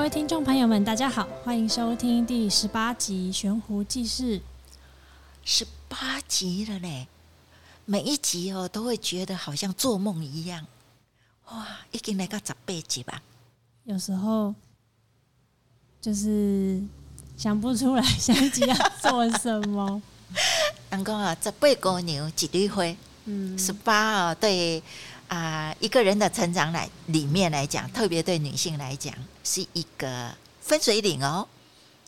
各位聽眾朋友們，大家好，歡迎收聽第十八集《懸壺濟世》。十八集了嘞，每一集哦都會覺得好像做夢一樣。哇，已經來到十八集吧？有時候就是想不出來下一集要做什麼。老 公啊，十八公牛幾滴灰？嗯，十八啊，對。啊、呃，一個人的成長來裡面來講，特別對女性來講是一個分水嶺哦。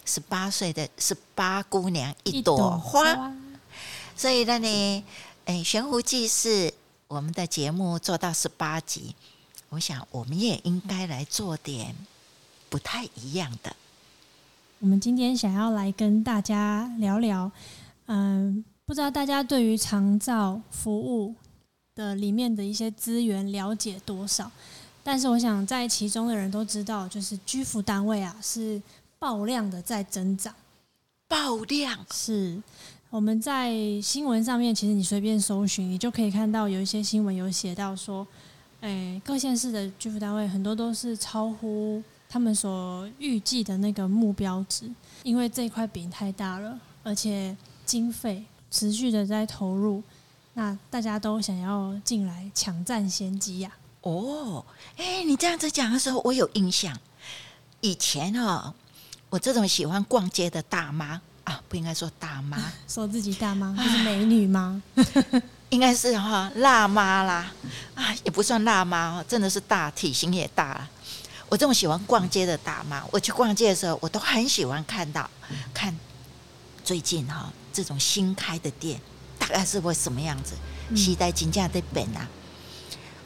十八歲的十八姑娘一朵，一朵花，所以呢，那你，哎、欸，懸壺濟世。我們的節目做到十八集，我想我們也應該來做點不太一樣的。我們今天想要來跟大家聊聊，嗯，不知道大家對於長照服務的裡面的一些資源了解多少？但是我想，在其中的人都知道，就是居服單位啊，是爆量的，在增長。爆量，是我們在新聞上面，其實你隨便搜尋，你就可以看到有一些新聞有寫到說，誒，各縣市的居服單位很多都是超乎他們所預計的那個目標值，因為這塊餅太大了，而且經費持續的在投入。那大家都想要進來搶佔先機呀、啊！哦，哎、欸，你這樣子講的時候，我有印象。以前哦，我這種喜歡逛街的大媽啊，不應該說大媽，說自己大媽、啊、是美女嗎？應該是哈、哦，辣媽啦、嗯。啊，也不算辣媽、哦，真的是大，體型也大、啊。我這種喜歡逛街的大媽、嗯，我去逛街的時候，我都很喜歡看到、嗯、看最近哈、哦、這種新開的店。還是會什麼樣子？時代真的在變啊！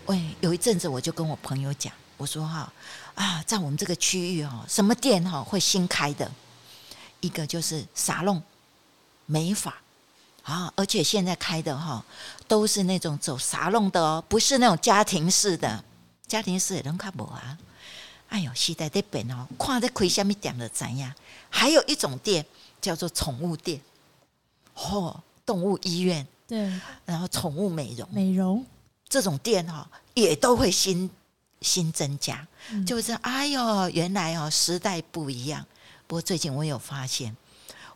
喂，有一陣子我就跟我朋友講，我說哈啊，在我們這個區域哦，什麼店哈會新開的？一個就是沙龍美髮啊，而且現在開的哈都是那種走沙龍的哦，不是那種家庭式的。家庭式的人看不啊？哎呦，時代在變哦，看在開啥米店了怎樣？還有一種店叫做寵物店，嚯、哦！動物醫院，對，然後寵物美容、美容這種店哈，也都會新新增加，嗯、就是哎呦，原來哦，時代不一樣。不過最近我有發現，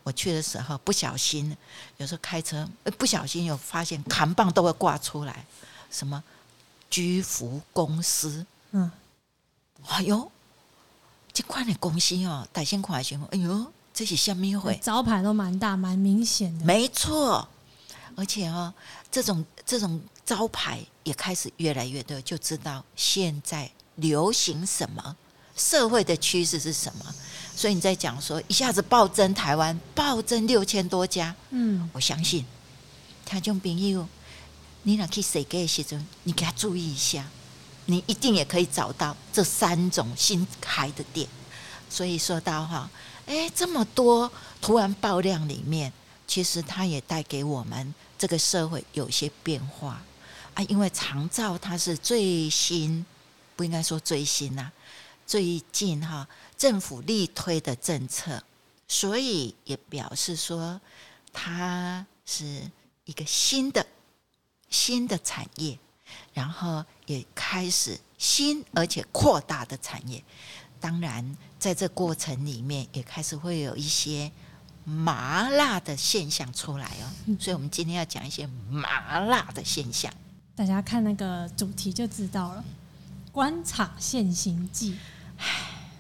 我去的時候不小心，有時候開車不小心，有發現扛棒都會掛出來，什麼居服公司，嗯，哎呦，這快點更新哦，帶薪款型，哎呦。這些蝦米會招牌都蠻大，蠻明顯的。沒錯，而且哈、喔，這種這種招牌也開始越來越多，就知道現在流行什麼，社會的趨勢是什麼。所以你在講說一下子暴增台灣暴增六千多家，嗯，我相信，聽眾朋友，你哪去誰給的時候你給他注意一下，你一定也可以找到這三種新開的店。所以說到哈、喔。哎，這麼多突然爆量裡面，其實它也帶給我們這個社會有些變化啊。因為長照它是最新，不應該說最新吶、啊，最近哈、哦、政府力推的政策，所以也表示說它是一個新的新的產業，然後也開始新而且擴大的產業。當然，在這個過程裡面也開始會有一些麻辣的現象出來哦，所以我們今天要講一些麻辣的現象。大家看那個主題就知道了，《官場現形記》。唉，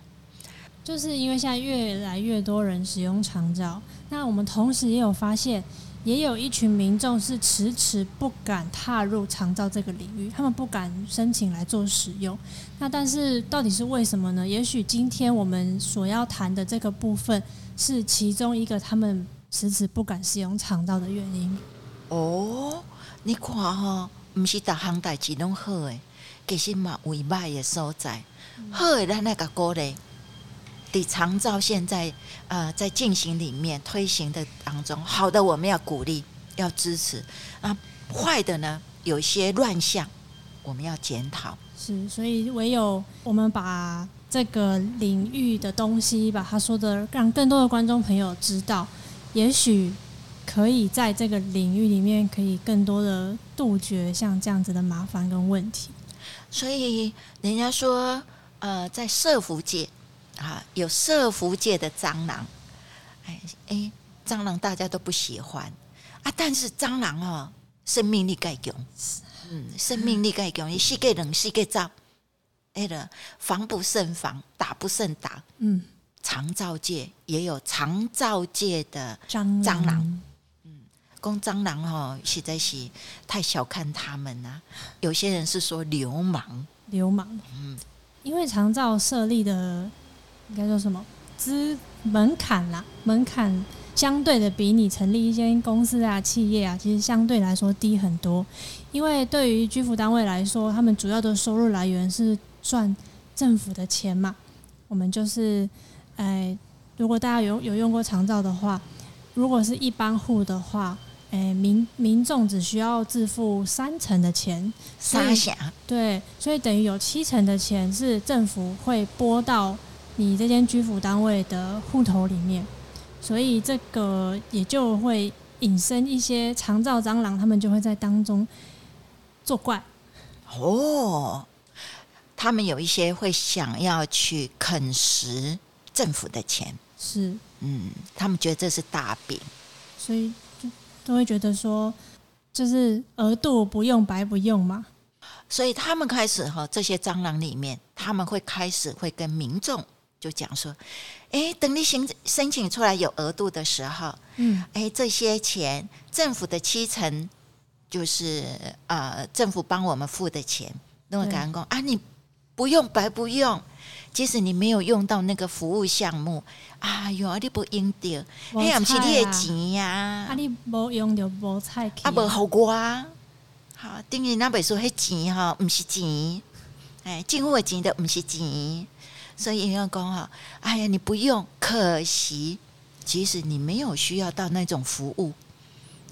就是因為現在越來越多人使用長照，那我們同時也有發現。也有一群民眾是遲遲不敢踏入長照這個領域，他們不敢申請來做使用。那但是到底是為什麼呢？也許今天我們所要談的這個部分是其中一個他們遲遲不敢使用長照的原因。哦，你看哈、哦，唔是行大行代自動好誒，其實嘛為歹嘅所在，好咱那個鍋咧。的長照現在呃在進行裡面推行的當中，好的我們要鼓勵要支持啊，壞的呢，有一些亂象，我們要檢討。是，所以唯有我們把這個領域的東西，把它說的讓更多的觀眾朋友知道，也許可以在這個領域裡面可以更多的杜絕像這樣子的麻煩跟問題。所以人家說，呃，在社福界。哈、啊，有社福界的蟑螂，哎、欸、哎、欸，蟑螂大家都不喜歡啊。但是蟑螂哦，生命力更強，嗯，生命力更強，你死個冷死個髒，哎了，防、嗯啊、不勝防，打不勝打。嗯，長照界也有長照界的蟑螂，蟑螂嗯，公蟑螂哦，實在是太小看他們了、啊。有些人是說流氓，流氓，嗯，因為長照設立的。應該說什麼？資門檻啦，門檻相對的比你成立一間公司啊、企業啊，其實相對來說低很多。因為對於居服單位來說，他們主要的收入來源是賺政府的錢嘛。我們就是，誒，如果大家有有用過長照的話，如果是一般戶的話，誒，民民眾只需要自付三成的錢，三險，對，所以等於有七成的錢是政府會撥到你這間居服單位的戶頭裡面，所以這個也就會引申一些長照蟑螂，他們就會在當中作怪。哦，他們有一些會想要去啃食政府的錢，是，嗯，他們覺得這是大餅，所以就都會覺得說，就是額度不用白不用嘛。所以他們開始哈，這些蟑螂裡面，他們會開始會跟民眾。就講說，哎、欸，等你申申請出來有額度的時候，嗯，哎、欸，這些錢，政府的七成，就是、呃、政府幫我們付的錢。那位感恩啊，你不用白不用，即使你沒有用到那個服務項目啊，有你不用掉，哎、啊，不是你的錢呀、啊，啊，你不用就不菜。啊，冇好過、啊。好，等於那本書系錢哈、喔，唔是錢，哎、欸，進貨錢都唔是錢。所以營工哈，哎呀，你不用，可惜，即使你沒有需要到那種服務，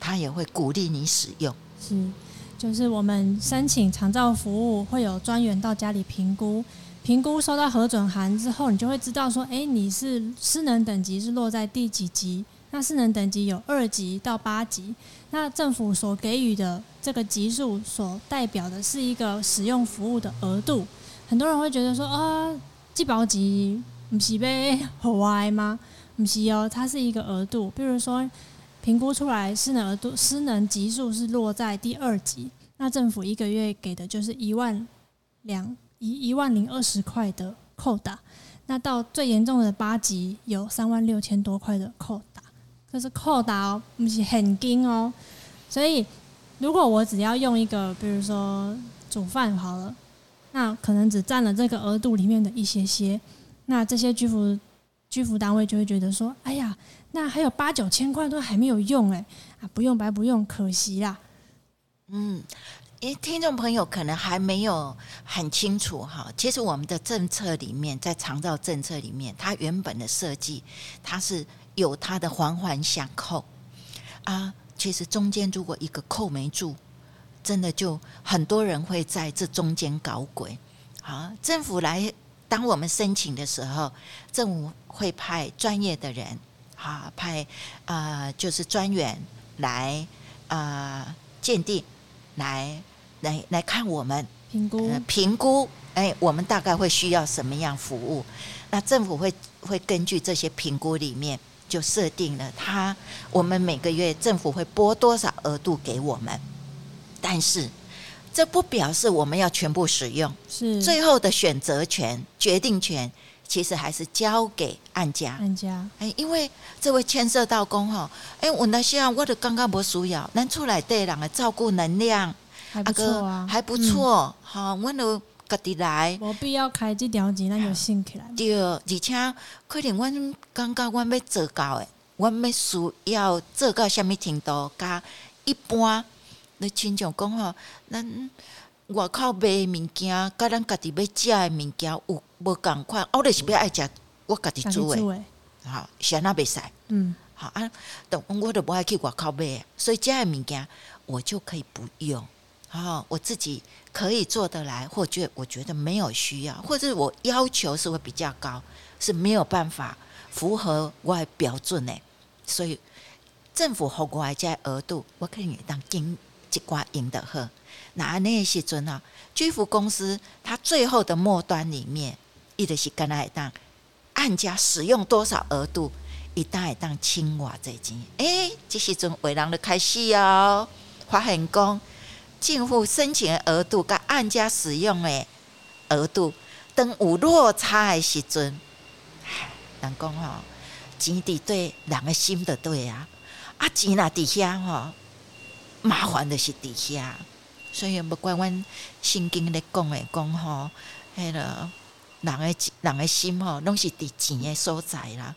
他也會鼓勵你使用。是，就是我們申請長照服務會有專員到家裡評估，評估收到核准函之後，你就會知道說，哎、欸，你是失能等級是落在第幾級？那失能等級有二級到八級，那政府所給予的這個級數所代表的是一個使用服務的額度。很多人會覺得說，啊、哦。胞級？不是被破歪嗎？不是哦，它是一個額度。比如說，評估出來失能額度、失能級數是落在第二級，那政府一個月給的就是一萬兩一一萬零二十塊的扣打。那到最嚴重的八級，有三萬六千多塊的扣打。可是扣打，不是很緊哦。所以，如果我只要用一個，比如說煮飯好了。那可能只佔了這個額度裡面的一些些，那這些居服居服單位就會覺得說，哎呀，那還有八九千塊都還沒有用哎，不用白不用，可惜啦。嗯，誒，聽眾朋友可能還沒有很清楚哈，其實我們的政策裡面，在長照政策裡面，它原本的設計，它是有它的環環相扣啊，其實中間如果一個扣沒住。真的就很多人會在這中間搞鬼。好，政府來，當我們申請的時候，政府會派專業的人，哈，派啊、呃，就是專員來啊，呃、鑑定，來來來看我們評估評估。誒、呃，欸，我們大概會需要什麼樣服務？那政府會會根據這些評估裡面，就設定了他我們每個月政府會撥多少額度給我們。但是，這不表示我們要全部使用。是最後的選擇權、決定權，其實還是交給案家。案家，哎、欸，因為這位牽涉到工吼，哎、欸，時候我那我就感覺，不需要，能出來對人來照顧能量，還不錯、啊啊，還不錯。哈、嗯哦，我都自己來，沒必要開這條錢，那就辛苦了。對，而且可能我感覺我沒做到的，我沒需要做到什麼程度？加一般。你親像講吼，咱外口買誒物件，甲咱家己買食誒物件有無同款？我就是比較愛食我家己煮誒，好，是安怎袂使。嗯，好啊，等我都不愛去外口買的，所以遮誒物件我就可以不用啊、哦。我自己可以做得來，或者我覺得沒有需要，或者我要求是會比較高，是沒有辦法符合我誒標準誒。所以政府和國家額度，我可以當經。即寡用著好，若安尼誒時陣吼，居服公司它最後的末端裡面一直是敢若會當案家使用多少額度，伊才會當趁偌濟錢。誒，哎，即時陣有人就開始哦，發現講政府申請的額度，佮案家使用誒額度，等有落差誒時陣，人講吼、哦、錢佇對，人的心着，對啊，啊錢若佇遐吼。麻煩的是底下，所以不管阮心經的講誒講吼，那個人的人的心吼，攏是第錢的所在啦。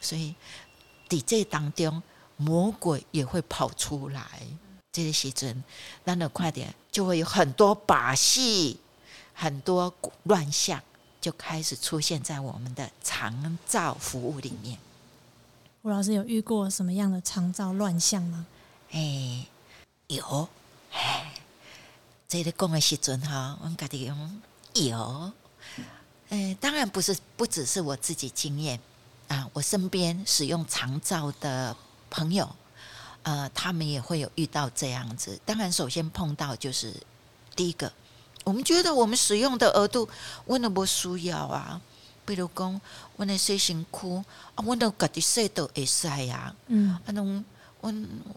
所以第這當中，魔鬼也會跑出來。這個時陣，那儂快點，就會有很多把戲，很多亂象就開始出現在我們的長照服務裡面。吳老師有遇過什麼樣的長照亂象嗎？誒、欸。有，哎，這個講的時陣哈，我家己用有，當然不是，不只是我自己經驗啊，我身邊使用長照的朋友，呃，他們也會有遇到這樣子。當然，首先碰到就是第一個，我們覺得我們使用的額度，我那不需要啊，比如講，我那洗身軀，啊，我都家己洗到會洗呀，嗯，那、啊、種，我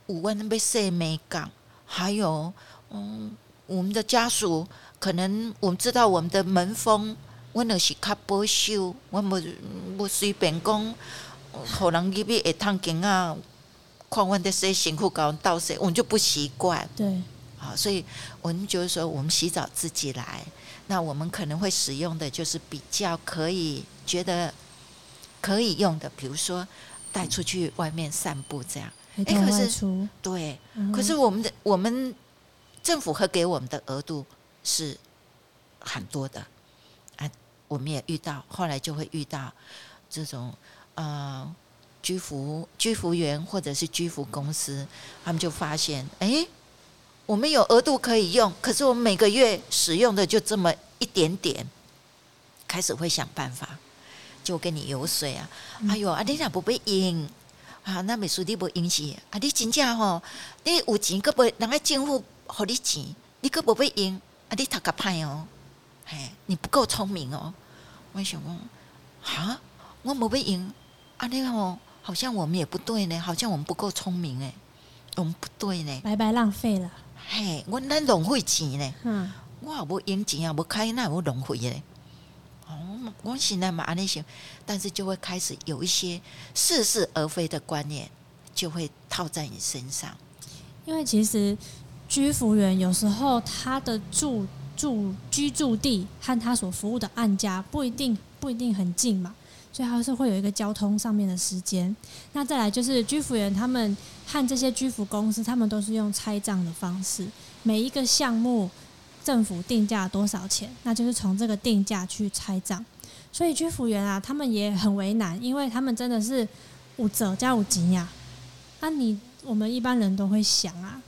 五萬要洗美干。還有，嗯，我們的家屬可能我們知道我們的門風，我們都是比較保守，我們不隨便講，可能那邊一趟給啊，狂歡的洗辛苦搞到洗，我們就不習慣。對，啊，所以我們就是說，我們洗澡自己來。那我們可能會使用的就是比較可以覺得可以用的，比如說帶出去外面散步這樣。哎、欸，可是對、嗯，可是我們的我們政府會給我們的額度是很多的啊。我們也遇到，後來就會遇到這種呃居服居服員或者是居服公司，他們就發現，哎、欸，我們有額度可以用，可是我們每個月使用的就這麼一點點，開始會想辦法就給你油水啊。哎呦，阿天講不被引。啊，那沒事，你沒用錢啊！你真正吼，你有錢，可不，人家政府發你錢，你可不被用啊！你太個派哦、喔，嘿，你不夠聰明哦、喔！我想講，哈，我沒被用啊！你吼，好像我們也不對呢，好像我們不夠聰明哎，我們不對呢，白白浪費了。嘿，我那浪費錢呢？哼、嗯，我也不用錢、啊、也不開那，我也不浪費嘞。恭喜呢嘛那些，但是就會開始有一些似是而非的觀念就會套在你身上。因為其實居服員有時候他的住住居住地和他所服務的案家不一定，不一定很近嘛，所以他是會有一個交通上面的時間。那再來就是居服員他們和這些居服公司，他們都是用拆賬的方式，每一個項目政府定價多少錢，那就是從這個定價去拆賬。所以，居服員啊，他們也很為難，因為他們真的是無責加無金呀。那、啊、你我們一般人都會想啊，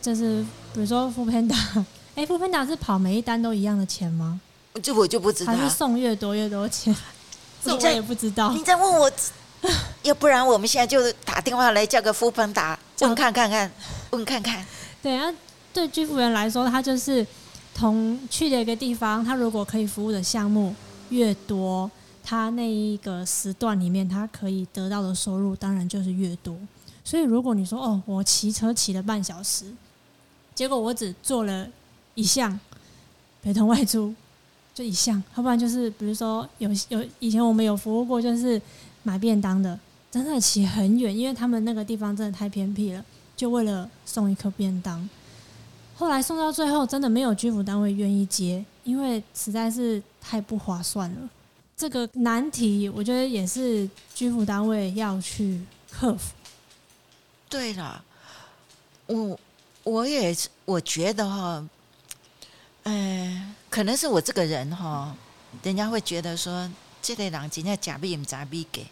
就是比如說富胖達，哎，富胖達是跑每一單都一樣的錢嗎？這我就不知道。他是送越多越多錢，這我,我也不知道。你在問我， 要不然我們現在就打電話來叫個富胖達，問看看看，問看看。對啊，對居服員來說，他就是同去的一個地方，他如果可以服務的項目越多，他那一個時段裡面，他可以得到的收入當然就是越多。所以如果你說，哦，我騎車騎了半小時，結果我只做了一項陪同外出，就一項。要不然就是，比如說有有以前我們有服務過，就是買便當的，真的騎很遠，因為他們那個地方真的太偏僻了，就為了送一顆便當。後來送到最後，真的沒有居服單位願意接。因為實在是太不划算了，這個難題我覺得也是居服單位要去克服。對了，我我也我覺得哈，嗯，可能是我這個人哈、哦，人家會覺得說，這類、個、人，人家假幣也不假幣給。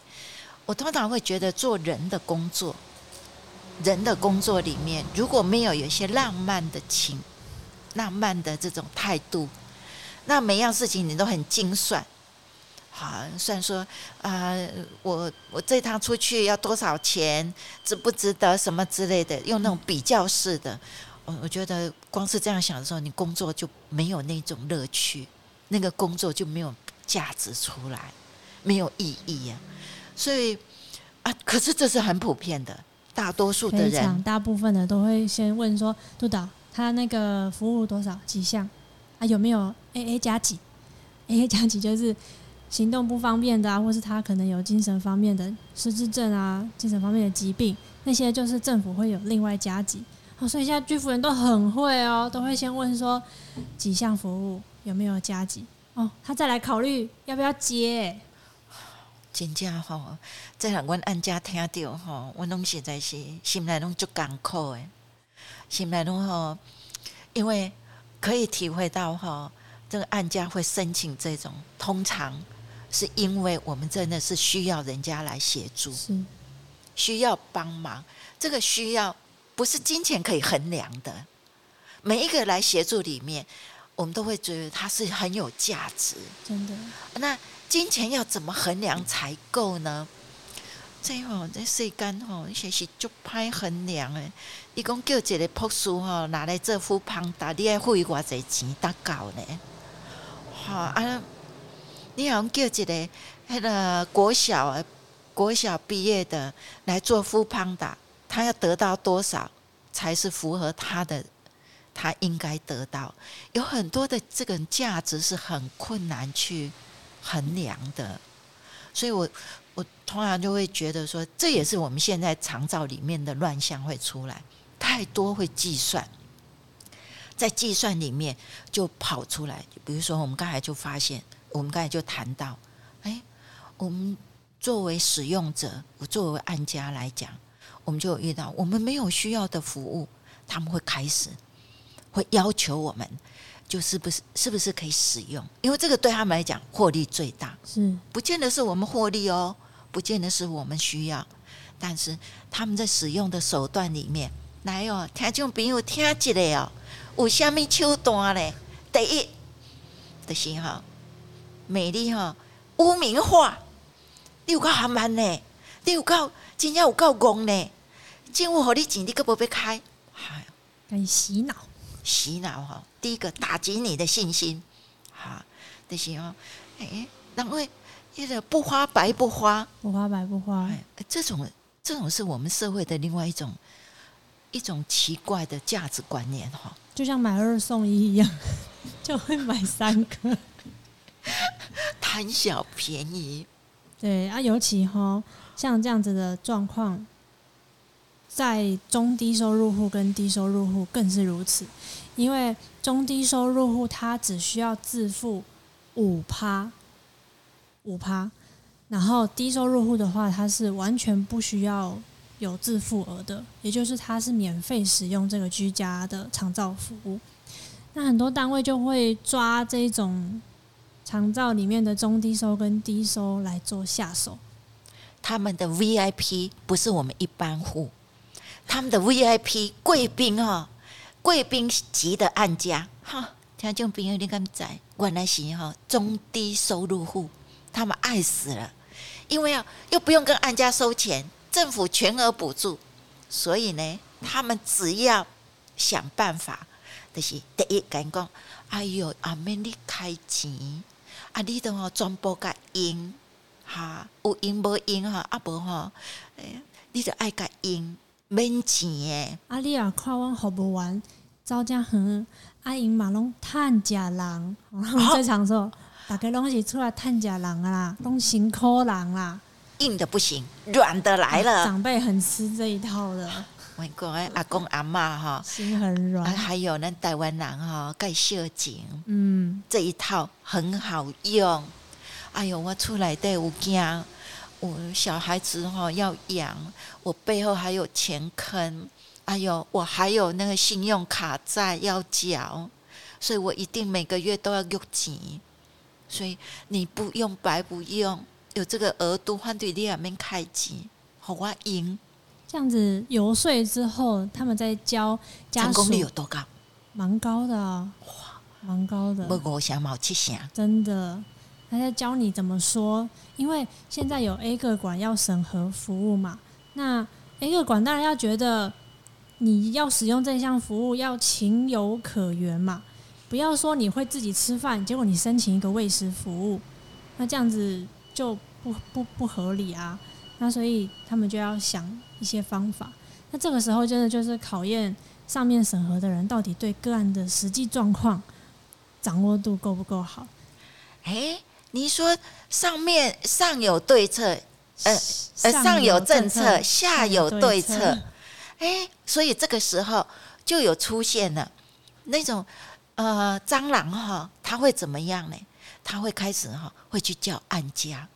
我通常會覺得做人的工作，人的工作裡面如果沒有有些浪漫的情，浪漫的這種態度。那每樣事情你都很精算，好，算說，啊、呃，我我這趟出去要多少錢，值不值得，什麼之類的，用那種比較式的。我我覺得光是這樣想的時候，你工作就沒有那種樂趣，那個工作就沒有價值出來，沒有意義呀、啊。所以啊，可是這是很普遍的，大多數的人，大部分的都會先問說，督導他那個服務多少幾項啊，有沒有？AA 加級，AA 加級就是行動不方便的啊，或是他可能有精神方面的失智症啊，精神方面的疾病，那些就是政府會有另外加急。哦、oh。所以現在居服員都很會哦，都會先問說幾項服務有沒有加急。哦、oh，他再來考慮要不要接。真正、哦，在台灣案家聽到哈、哦，我攏實在是心內都就艱苦心內都攏因為可以體會到哈、哦。這個案家會申請這種，通常是因為我們真的是需要人家來協助是，需要幫忙。這個需要不是金錢可以衡量的。每一個來協助裡面，我們都會覺得它是很有價值。真的？那金錢要怎麼衡量才夠呢？最後、哦、這我在稅幹吼，學習就拍衡量的。你講叫一個博士吼拿來這副旁打，你要付伊偌濟錢，達夠呢？好、哦、啊，你像叫一個那個國小國小畢業的來做副 Panda，他要得到多少才是符合他的，他應該得到？有很多的這個價值是很困難去衡量的，所以我我通常就會覺得說，這也是我們現在長照裡面的亂象會出來太多，會計算。在計算裡面就跑出來，比如說我們剛才就發現，我們剛才就談到，哎、欸，我們作為使用者，我作為案家來講，我們就有遇到，我們沒有需要的服務，他們會開始會要求我們，就是不是是不是可以使用？因為這個對他們來講獲利最大，是不見得是我們獲利哦、喔，不見得是我們需要，但是他們在使用的手段裡面，來哦、喔，聽眾朋友聽進來哦。有啥物手段嘞？第一，的、就是哈、喔，美麗哈、喔、污名化，你有個航呢？你有夠真正有夠公嘞，政府給你錢你個不被開，嗨，敢洗腦，洗腦哈、喔，第一個打擊你的信心，好，的、就是哈、喔，哎、欸，人會一直不花白不花，不花白不花，哎、欸，這種這種是我們社會的另外一種一種奇怪的價值觀念哈、喔。就像買二送一一樣， 就會買三個 ，貪小便宜對。對啊，尤其哈，像這樣子的狀況，在中低收入戶跟低收入戶更是如此，因為中低收入戶他只需要自付五趴，五趴，然後低收入戶的話，它是完全不需要。有自付額的，也就是他是免費使用這個居家的長照服務。那很多單位就會抓這種長照裡面的中低收跟低收來做下手。他們的 VIP 不是我們一般戶，他們的 VIP 貴賓、喔嗯、哈，貴賓級的案家哈，聽眾朋友，你們知道，原來是哈、喔、中低收入戶，他們愛死了，因為啊、喔、又不用跟案家收錢。政府全額補助，所以呢，他們只要想辦法，就是第一敢講，哎喲，阿免你開錢，啊，你都哈全部噶贏哈，有贏無贏哈啊無哈，哎、啊、你就愛噶贏，免錢耶，啊。你啊看阮服務員走遮遠，啊因嘛攏趁食人，在常說，大家攏是出來趁食人啦，攏辛苦人啦。硬的不行，軟的來了。啊、長輩很吃這一套的，我、啊、阿公阿嬤哈、哦、心很軟、啊，還有那台灣人哈蓋細膩，嗯，這一套很好用。哎喲，我出來得有驚。我小孩子哈、哦、要養，我背後還有錢坑，哎喲，我還有那個信用卡債要繳，所以我一定每個月都要用錢。所以你不用白不用。有這個額度，反對你阿面開機好我贏。這樣子遊說之後，他們在教成功率有多高？蠻高、哦、高的，哇，蠻高的。不過我想冒奇想，真的他在教你怎麼說？因為現在有 A 個管要審核服務嘛，那 A 個管當然要覺得你要使用這項服務要情有可原嘛，不要說你會自己吃飯，結果你申請一個餵食服務，那這樣子。就不不不合理啊，那所以他們就要想一些方法。那這個時候真的就是考驗上面審核的人到底對個案的實際狀況掌握度夠不夠好。哎，你說上面上有對策，呃呃上有政策，上有對策，下有對策。哎，所以這個時候就有出現了那種呃蟑螂哈，他會怎麼樣呢？他會開始哈，會去叫案家，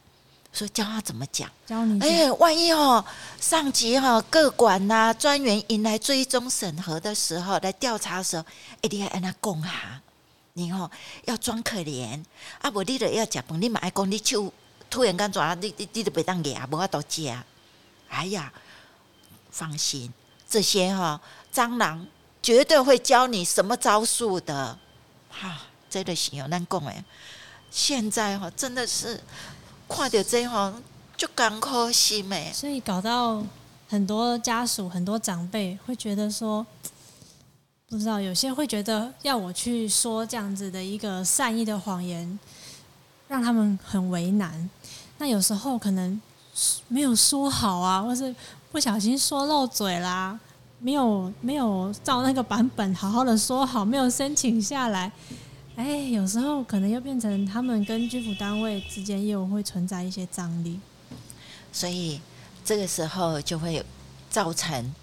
所以教他怎麼講。哎、欸，萬一哈、哦、上級哈、哦、個管吶、啊、專員，迎來追蹤審核的時候，來調查的時候，一定要按呢講。哈。你哈要，、啊哦、要裝可憐啊！無你著要吃飯，你嘛愛講你就突然間幹啥？你你你都不當爺，不要多接啊！哎呀，放心，這些哈、哦、蟑螂絕對會教你什麼招數的。哈、哦，真的行有難講哎。現在哈，真的是看到這一行就更可惜沒，所以搞到很多家屬、很多長輩會覺得說，不知道有些會覺得要我去說這樣子的一個善意的謊言，讓他們很為難。那有時候可能沒有說好啊，或是不小心說漏嘴啦，沒有沒有照那個版本好好的說好，沒有申請下來。哎，有時候可能又變成他們跟居服單位之間業務會存在一些張力，所以這個時候就會造成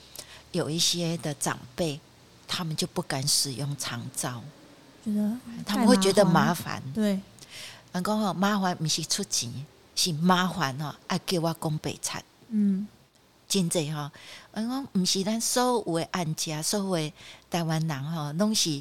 有一些的長輩他們就不敢使用長照，他們會覺得麻煩。對，我講哈，麻煩不是出錢，是麻煩哈、喔，要給我供備餐。嗯，經濟哈，我講不是咱所有的安家，所有的台灣人哈，攏是。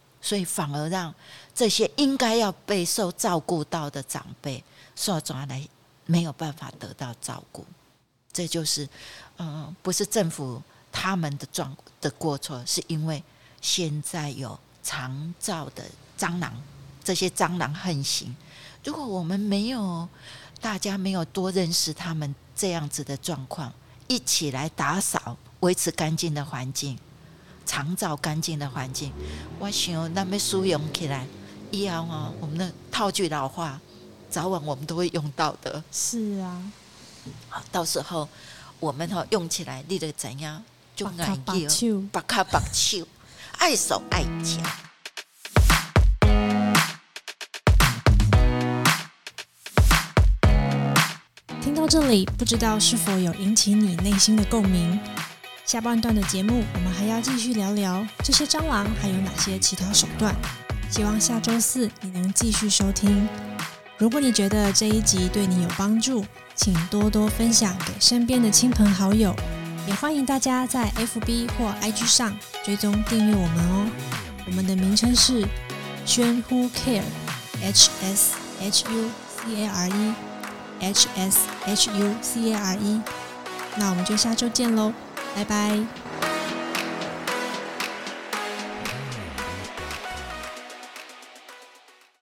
所以反而讓這些應該要備受照顧到的長輩受到來沒有辦法得到照顧，這就是嗯，不是政府他們的狀的過錯，是因為現在有長照的蟑螂，這些蟑螂橫行。如果我們沒有大家沒有多認識他們這樣子的狀況，一起來打掃，維持乾淨的環境。創造乾淨的環境，我想那麼使用起來一樣，喔、我們的套句老話，早晚我們都會用到的。是啊，到時候我們哈、喔、用起來你，立得怎樣就礙手礙腳。聽到這裡，不知道是否有引起你內心的共鳴？下半段的節目，我們還要繼續聊聊這些蟑螂還有哪些其他手段。希望下周四你能繼續收聽。如果你覺得這一集對你有幫助，請多多分享給身邊的親朋好友。也歡迎大家在 FB 或 IG 上追蹤訂閱我們哦。我們的名稱是 s h u Care H S H U C A R E H S H U C A R E。那我們就下周見嘍。拜拜。